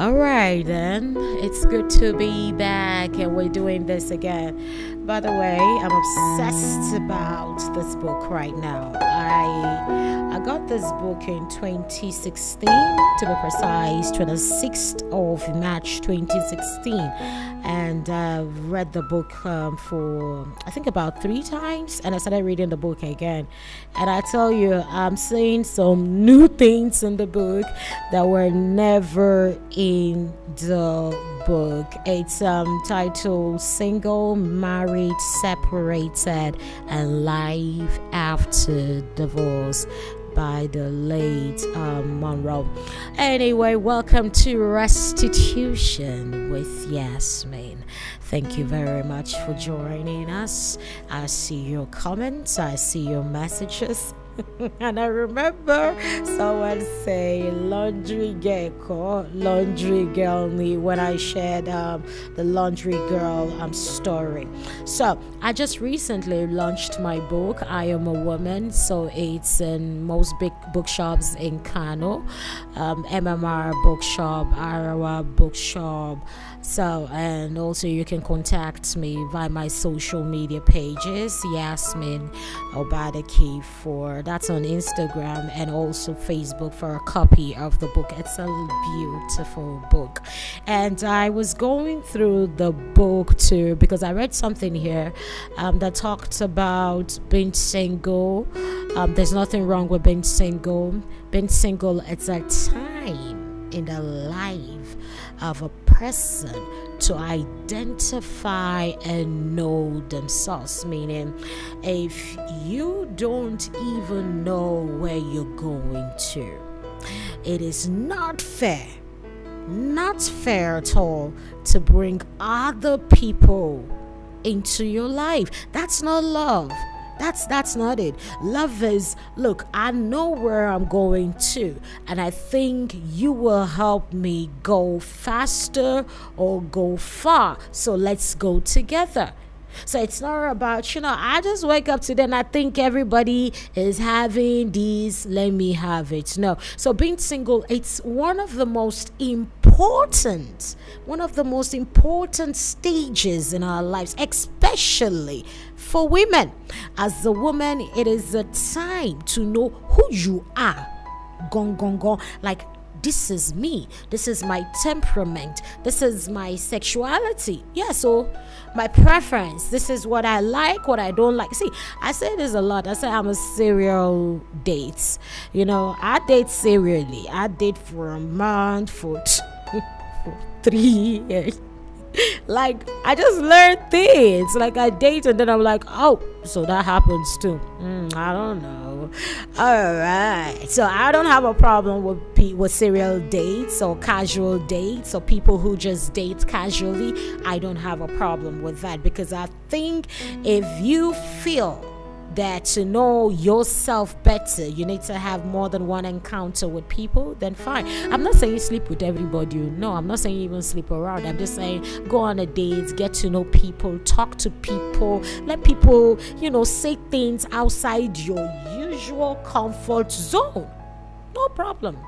All right, then. It's good to be back and we're doing this again. By the way, I'm obsessed about this book right now. I I got this book in 2016, to be precise, 26th of March 2016 and uh, read the book um, for I think about three times, and I started reading the book again. And I tell you, I'm seeing some new things in the book that were never in the book. It's um, titled "Single, Married, Separated, and Life After Divorce." by the late um, Monroe. Anyway, welcome to Restitution with Yasmin. Thank you very much for joining us. I see your comments, I see your messages. and I remember someone say laundry gecko, laundry girl me when I shared um, the laundry girl um, story. So I just recently launched my book, I Am a Woman. So it's in most big bookshops in Kano, um, MMR bookshop, Arawa bookshop so and also you can contact me via my social media pages yasmin obadaki for that's on instagram and also facebook for a copy of the book it's a beautiful book and i was going through the book too because i read something here um, that talked about being single um, there's nothing wrong with being single being single it's a time in the life of a person to identify and know themselves. Meaning, if you don't even know where you're going to, it is not fair, not fair at all to bring other people into your life. That's not love. That's that's not it. Love is look, I know where I'm going to, and I think you will help me go faster or go far. So let's go together. So it's not about, you know, I just wake up today and I think everybody is having these. let me have it. No. So being single, it's one of the most important, one of the most important stages in our lives, especially for women. As a woman, it is a time to know who you are. Gong gong gong Like this is me this is my temperament this is my sexuality yeah so my preference this is what i like what i don't like see i say this a lot i say i'm a serial date you know i date serially i date for a month for, for three years like I just learned things. Like I date and then I'm like, oh, so that happens too. Mm, I don't know. All right. So I don't have a problem with with serial dates or casual dates or people who just date casually. I don't have a problem with that because I think if you feel that to know yourself better, you need to have more than one encounter with people, then fine. I'm not saying sleep with everybody you know. I'm not saying even sleep around. I'm just saying go on a date, get to know people, talk to people, let people, you know, say things outside your usual comfort zone. No problem.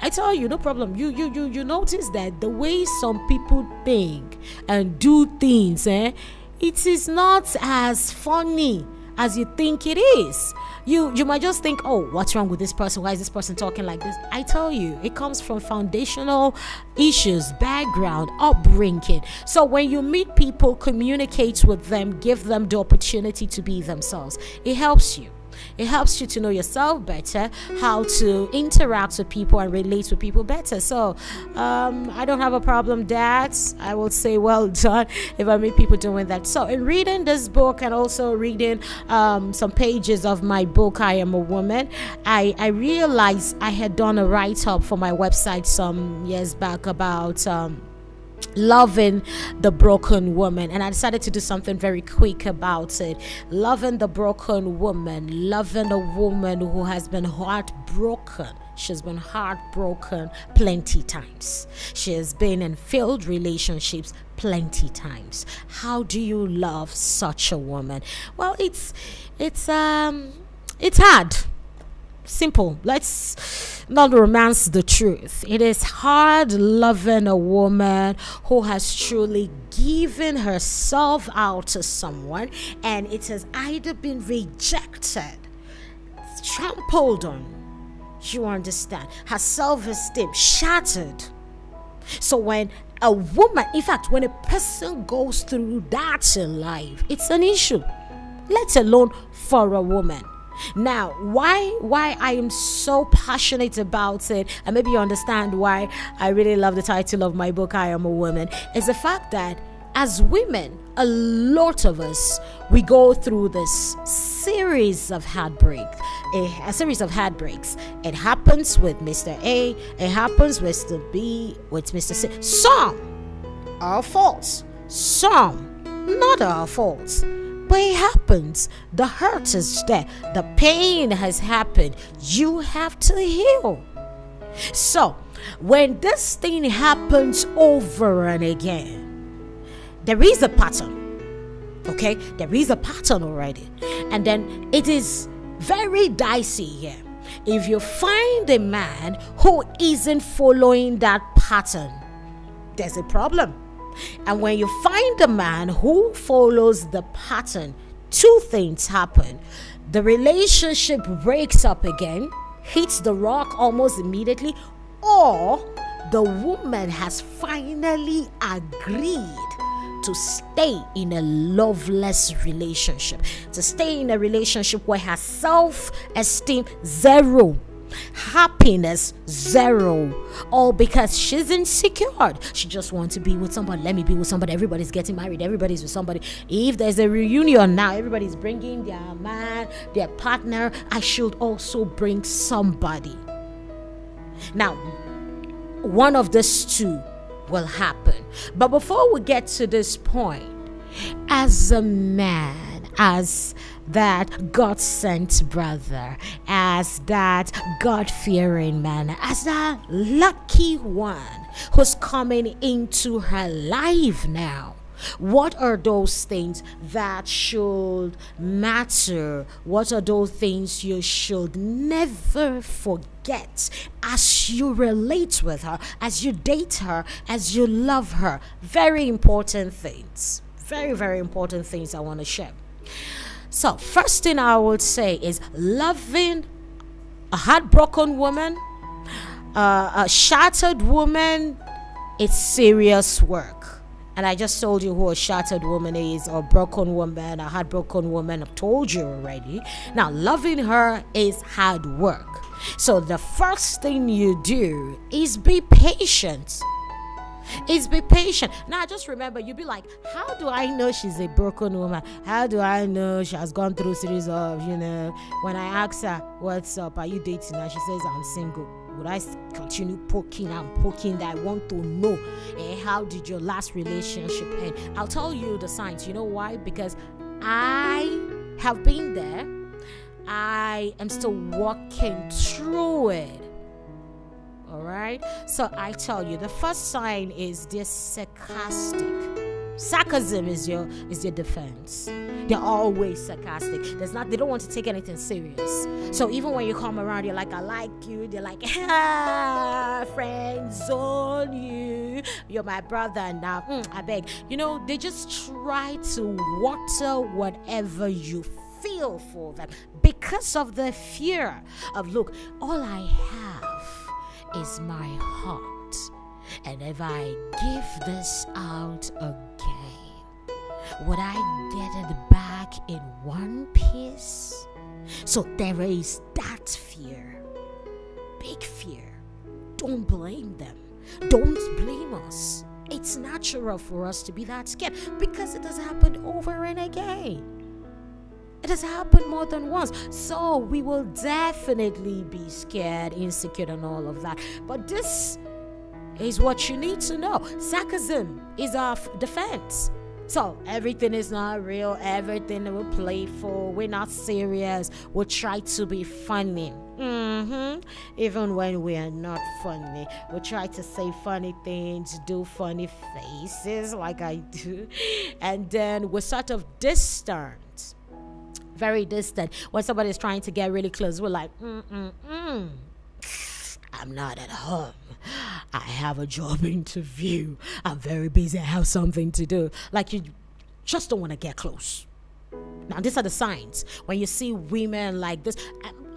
I tell you, no problem. You you you you notice that the way some people think and do things, eh? It is not as funny as you think it is. You you might just think, oh, what's wrong with this person? Why is this person talking like this? I tell you, it comes from foundational issues, background, upbringing. So when you meet people, communicate with them, give them the opportunity to be themselves. It helps you. It helps you to know yourself better, how to interact with people and relate with people better. So um, I don't have a problem that. I will say well done if I meet people doing that. So in reading this book and also reading um, some pages of my book, I Am a Woman, I, I realized I had done a write up for my website some years back about. Um, loving the broken woman and i decided to do something very quick about it loving the broken woman loving a woman who has been heartbroken she's been heartbroken plenty times she has been in failed relationships plenty times how do you love such a woman well it's it's um it's hard Simple. Let's not romance the truth. It is hard loving a woman who has truly given herself out to someone and it has either been rejected, trampled on, you understand, her self esteem shattered. So when a woman, in fact, when a person goes through that in life, it's an issue, let alone for a woman. Now, why why I am so passionate about it, and maybe you understand why I really love the title of my book, I Am a Woman, is the fact that as women, a lot of us we go through this series of heartbreak, a, a, series of heartbreaks. It happens with Mr. A, it happens with Mr. B, with Mr. C. Some are false, some not our faults. But it happens. The hurt is there. The pain has happened. You have to heal. So, when this thing happens over and again, there is a pattern. Okay? There is a pattern already. And then it is very dicey here. If you find a man who isn't following that pattern, there's a problem and when you find a man who follows the pattern, two things happen the relationship breaks up again, hits the rock almost immediately, or the woman has finally agreed to stay in a loveless relationship, to stay in a relationship where her self esteem zero happiness zero all because she's insecure she just wants to be with somebody let me be with somebody everybody's getting married everybody's with somebody if there's a reunion now everybody's bringing their man their partner i should also bring somebody now one of these two will happen but before we get to this point as a man as that God sent brother, as that God fearing man, as that lucky one who's coming into her life now. What are those things that should matter? What are those things you should never forget as you relate with her, as you date her, as you love her? Very important things. Very, very important things I want to share. So, first thing I would say is loving a heartbroken woman, uh, a shattered woman, it's serious work. And I just told you who a shattered woman is, or broken woman, a heartbroken woman. I've told you already. Now, loving her is hard work. So, the first thing you do is be patient. Is be patient. Now, just remember, you'll be like, how do I know she's a broken woman? How do I know she has gone through series of, you know, when I ask her, what's up? Are you dating? And she says, I'm single. Would I continue poking and poking that I want to know? Eh, how did your last relationship end? I'll tell you the signs. You know why? Because I have been there. I am still walking through it. All right. So I tell you, the first sign is this sarcastic. Sarcasm is your is your defense. They're always sarcastic. There's not they don't want to take anything serious. So even when you come around, you're like, I like you. They're like, ah, friends on you. You're my brother now. Mm, I beg. You know, they just try to water whatever you feel for them because of the fear of look, all I have is my heart, and if I give this out again, would I get it back in one piece? So there is that fear. Big fear. Don't blame them. Don't blame us. It's natural for us to be that scared because it has happened over and again. It has happened more than once. So we will definitely be scared, insecure, and all of that. But this is what you need to know. Sarcasm is our defense. So everything is not real, everything we're playful, we're not serious, we try to be funny. Mm-hmm. Even when we are not funny, we try to say funny things, do funny faces like I do, and then we're sort of distant very distant. When somebody's trying to get really close, we're like, mm, mm, mm. I'm not at home. I have a job interview. I'm very busy. I have something to do. Like, you just don't want to get close. Now, these are the signs. When you see women like this,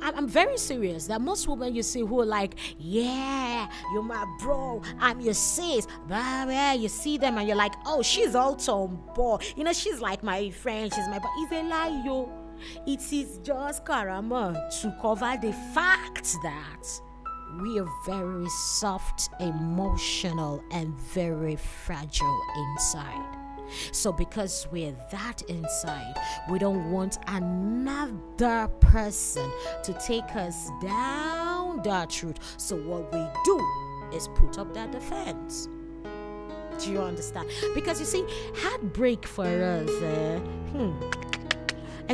I'm very serious that most women you see who are like, yeah, you're my bro, I'm your sis, You see them and you're like, oh, she's also on board. You know, she's like my friend, she's my, but it's a lie, yo. It is just karma to cover the fact that we are very soft, emotional, and very fragile inside. So, because we're that inside, we don't want another person to take us down that route. So, what we do is put up that defense. Do you understand? Because you see, heartbreak for us, uh, hmm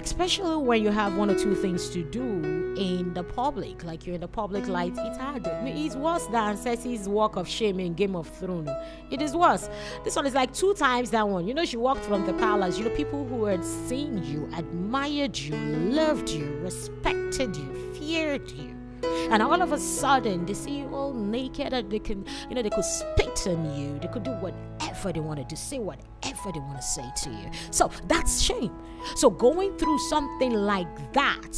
especially when you have one or two things to do in the public, like you're in the public light, it's hard. It's worse than Cersei's walk of shame in Game of Thrones. It is worse. This one is like two times that one. You know, she walked from the palace. You know, people who had seen you, admired you, loved you, respected you, feared you and all of a sudden, they see you all naked and they can, you know, they could spit on you. They could do whatever they wanted to say, whatever they want to say to you. So that's shame. So going through something like that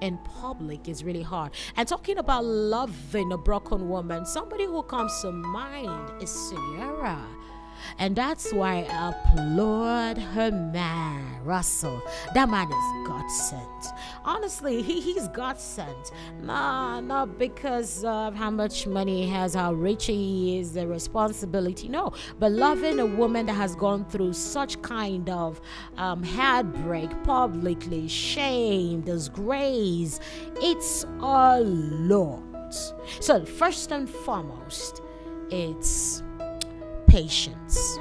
in public is really hard. And talking about loving a broken woman, somebody who comes to mind is Sierra. And that's why I applaud her man, Russell. That man is God sent. Honestly, he, he's God sent. Nah, not because of how much money he has, how rich he is, the responsibility. No, but loving a woman that has gone through such kind of um, heartbreak publicly, shame, disgrace, it's a lot. So, first and foremost, it's patience.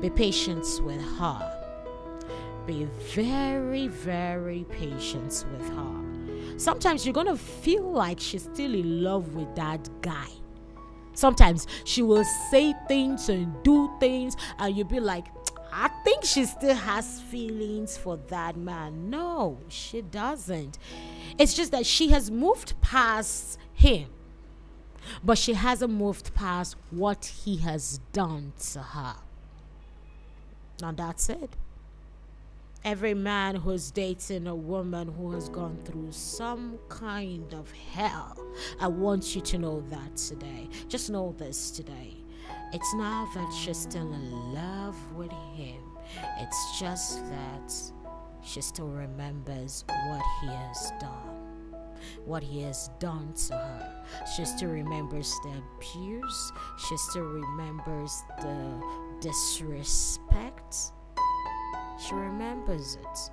Be patient with her. Be very, very patient with her. Sometimes you're going to feel like she's still in love with that guy. Sometimes she will say things and do things, and you'll be like, I think she still has feelings for that man. No, she doesn't. It's just that she has moved past him but she hasn't moved past what he has done to her. Now that's it. Every man who's dating a woman who has gone through some kind of hell, I want you to know that today. Just know this today. It's not that she's still in love with him, it's just that she still remembers what he has done what he has done to her. She still remembers the abuse, she still remembers the disrespect. She remembers it.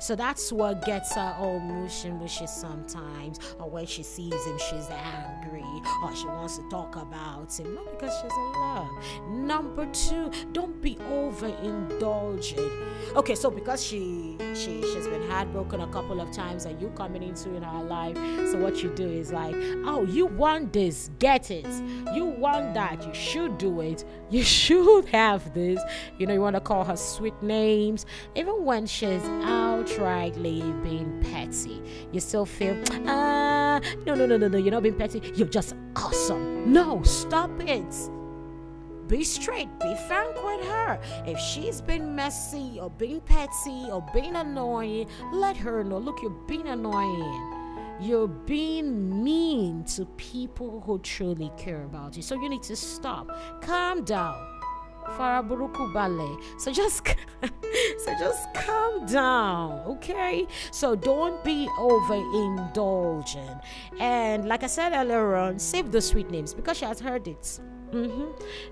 So that's what gets her all mushy mushy sometimes, or when she sees him, she's angry, or she wants to talk about him, not because she's in love. Number two, don't be overindulging. Okay, so because she she she's been heartbroken a couple of times, and you coming into in her life, so what you do is like, oh, you want this, get it. You want that, you should do it. You should have this. You know, you want to call her sweet names, even when she's out outrightly being petty. You still feel, ah, uh, no, no, no, no, no, you're not being petty. You're just awesome. No, stop it. Be straight, be frank with her. If she's been messy or being petty or being annoying, let her know. Look, you're being annoying you're being mean to people who truly care about you. So you need to stop. Calm down faraburuku balẹ̀. So just so just calm down, okay? So don't be overindulgent. And like I said earlier on, save the sweet names because she has heard it. Mm-hmm.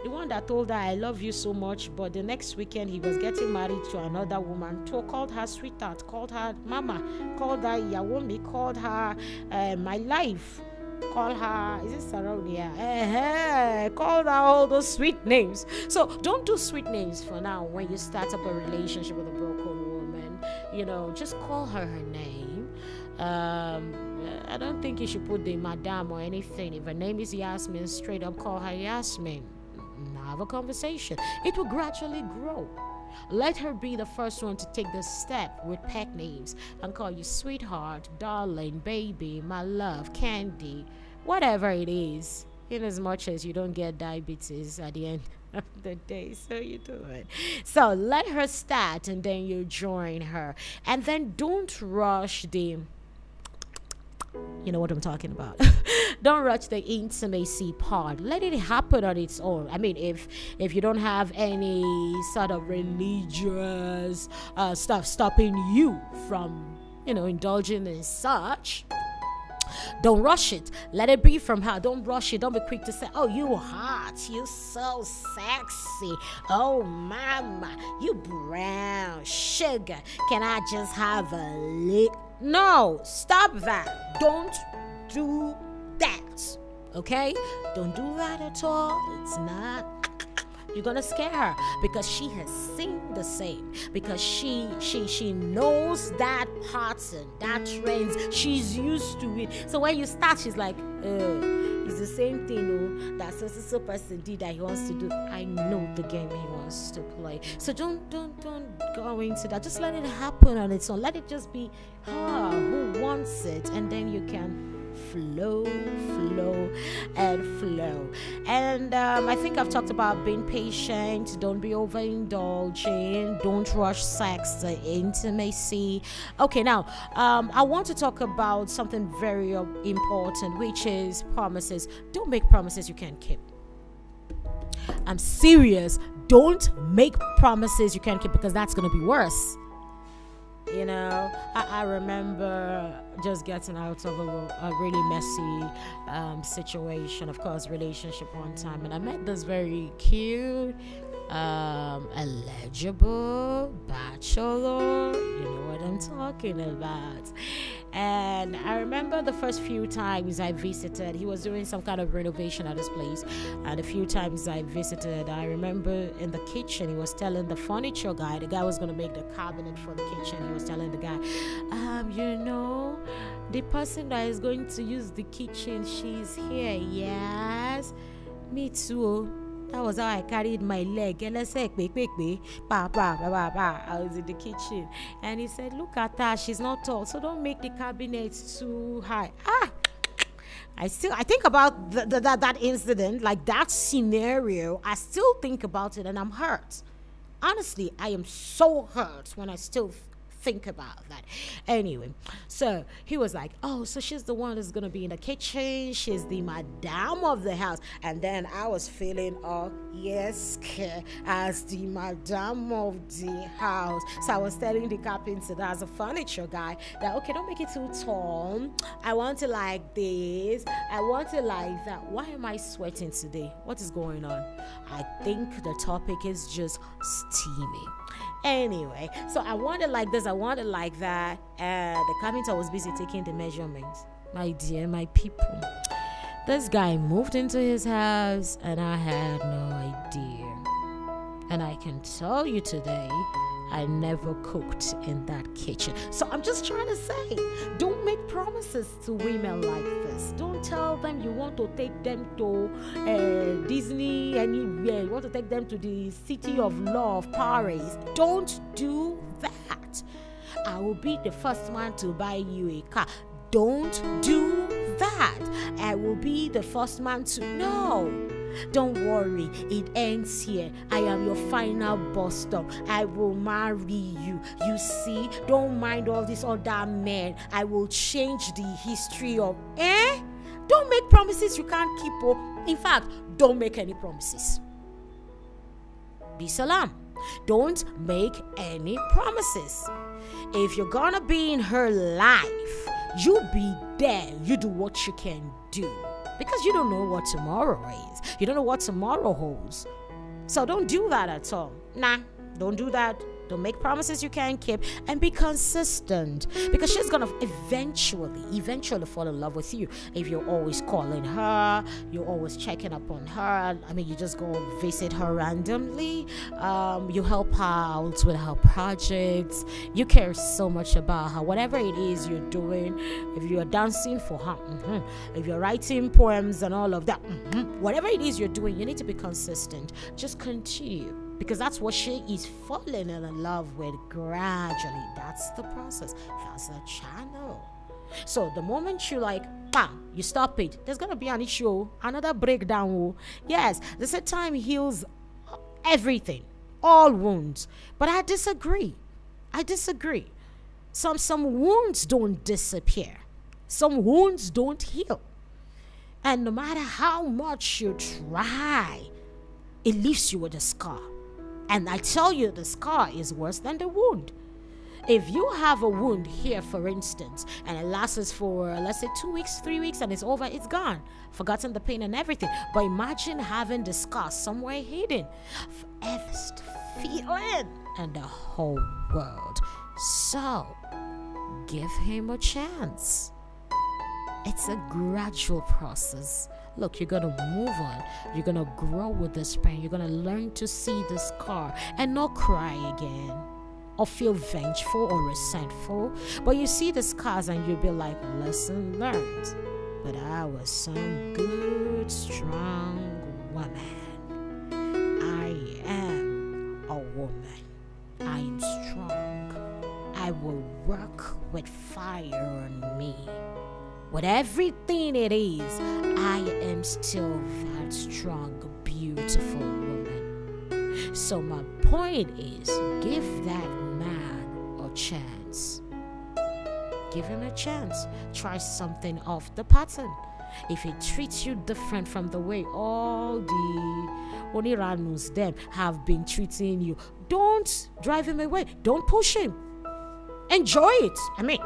The one that told her, I love you so much, but the next weekend he was getting married to another woman, to, called her sweetheart, called her mama, called her Yawomi, called her uh, my life, call her, is it Sarah? Yeah. Uh-huh. I called out all those sweet names. So don't do sweet names for now when you start up a relationship with a broken woman. You know, just call her her name. Um, I don't think you should put the madam or anything. If her name is Yasmin, straight up call her Yasmin. Have a conversation. It will gradually grow. Let her be the first one to take the step with pet names and call you sweetheart, darling, baby, my love, candy, whatever it is in as much as you don't get diabetes at the end of the day. So you do it. So let her start and then you join her. And then don't rush the you know what I'm talking about. don't rush the intimacy part. Let it happen on its own. I mean, if if you don't have any sort of religious uh, stuff stopping you from, you know, indulging in such, don't rush it. Let it be from her. Don't rush it. Don't be quick to say, oh, you hot. You so sexy. Oh, mama. You brown sugar. Can I just have a lick? No, stop that. Don't do that. Okay? Don't do that at all. It's not you're gonna scare her because she has seen the same. Because she she she knows that pattern, that trends. She's used to it. So when you start, she's like, oh, it's the same thing oh, that so so person did that he wants to do. I know the game he wants to play. So don't don't don't go into that. Just let it happen on its own. Let it just be her who wants it, and then you can flow, flow, and flow. And um, I think I've talked about being patient, don't be overindulging, don't rush sex the intimacy. Okay, now um, I want to talk about something very uh, important, which is promises. Don't make promises you can't keep. I'm serious. Don't make promises you can't keep because that's going to be worse you know I, I, remember just getting out of a, a really messy um, situation of course relationship one time and i met this very cute um, eligible bachelor you know what i'm talking about and I remember the first few times I visited, he was doing some kind of renovation at his place. And a few times I visited, I remember in the kitchen, he was telling the furniture guy, the guy was going to make the cabinet for the kitchen. He was telling the guy, um, you know, the person that is going to use the kitchen, she's here. Yes, me too. That was how I carried my leg. I was in the kitchen. And he said, Look at her, she's not tall. So don't make the cabinet too high. Ah! I still I think about the, the, that that incident, like that scenario. I still think about it, and I'm hurt. Honestly, I am so hurt when I still think about that. Anyway, so he was like, oh, so she's the one that's going to be in the kitchen. She's the madame of the house. And then I was feeling, oh, yes, as the madame of the house. So I was telling the carpenter that as a furniture guy that, okay, don't make it too tall. I want it like this. I want it like that. Why am I sweating today? What is going on? I think the topic is just steamy. Anyway, so I wanted like this, I wanted like that. And the carpenter was busy taking the measurements. My dear, my people. This guy moved into his house and I had no idea. And I can tell you today I never cooked in that kitchen. So I'm just trying to say, don't make promises to women like this. Don't tell them you want to take them to uh, Disney, anywhere. Uh, you want to take them to the city of love, Paris. Don't do that. I will be the first one to buy you a car. Don't do that. I will be the first man to know. Don't worry, it ends here. I am your final bus stop. I will marry you. You see, don't mind all these other men. I will change the history of. Eh? Don't make promises you can't keep. Oh. In fact, don't make any promises. Be salam. Don't make any promises. If you're gonna be in her life, you be there. You do what you can do because you don't know what tomorrow is. You don't know what tomorrow holds. So don't do that at all. Nah, don't do that. Don't make promises you can't keep and be consistent because she's going to eventually, eventually fall in love with you if you're always calling her, you're always checking up on her. I mean, you just go visit her randomly, um, you help her out with her projects, you care so much about her. Whatever it is you're doing, if you're dancing for her, mm-hmm. if you're writing poems and all of that, mm-hmm. whatever it is you're doing, you need to be consistent. Just continue because that's what she is falling in love with gradually. That's the process, that's the channel. So the moment you like, bam, you stop it, there's gonna be an issue, another breakdown. Yes, they say time heals everything, all wounds. But I disagree. I disagree. Some some wounds don't disappear. Some wounds don't heal. And no matter how much you try, it leaves you with a scar. And I tell you, the scar is worse than the wound. If you have a wound here, for instance, and it lasts for, let's say, two weeks, three weeks, and it's over, it's gone. Forgotten the pain and everything. But imagine having the scar somewhere hidden. Forever feeling. And the whole world. So, give him a chance. It's a gradual process. Look, you're going to move on. You're going to grow with this pain. You're going to learn to see the scar and not cry again or feel vengeful or resentful. But you see the scars and you'll be like, lesson learned. But I was some good, strong woman. I am a woman. I am strong. I will work with fire on me. With everything it is, I am still that strong, beautiful woman. So my point is, give that man a chance. Give him a chance. Try something off the pattern. If he treats you different from the way all the Oniranu's them have been treating you, don't drive him away. Don't push him. Enjoy it. I mean,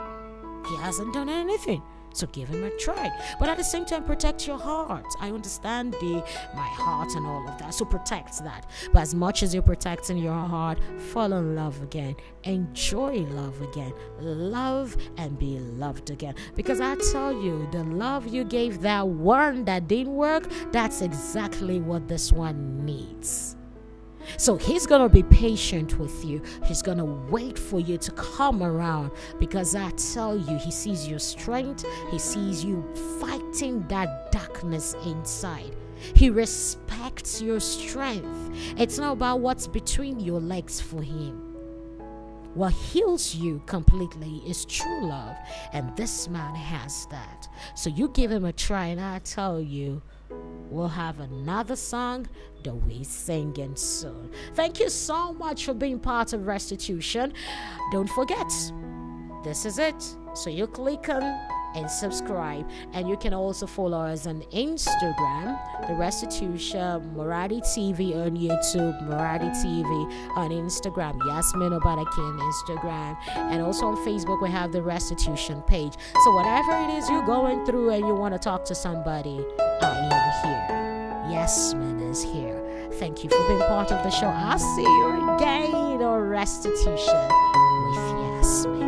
he hasn't done anything. So give him a try. But at the same time, protect your heart. I understand the my heart and all of that. So protect that. But as much as you're protecting your heart, fall in love again. Enjoy love again. Love and be loved again. Because I tell you, the love you gave that one that didn't work, that's exactly what this one needs. So he's going to be patient with you. He's going to wait for you to come around because I tell you, he sees your strength. He sees you fighting that darkness inside. He respects your strength. It's not about what's between your legs for him. What heals you completely is true love, and this man has that. So you give him a try, and I tell you, we'll have another song that we're singing soon. Thank you so much for being part of Restitution. Don't forget, this is it. So you click on and subscribe. And you can also follow us on Instagram, The Restitution, Marathi TV on YouTube, Marathi TV on Instagram, Yasmin Obaraki on Instagram, and also on Facebook, we have The Restitution page. So, whatever it is you're going through and you want to talk to somebody, Yes is here. Thank you for being part of the show. I'll see you again on restitution with Yes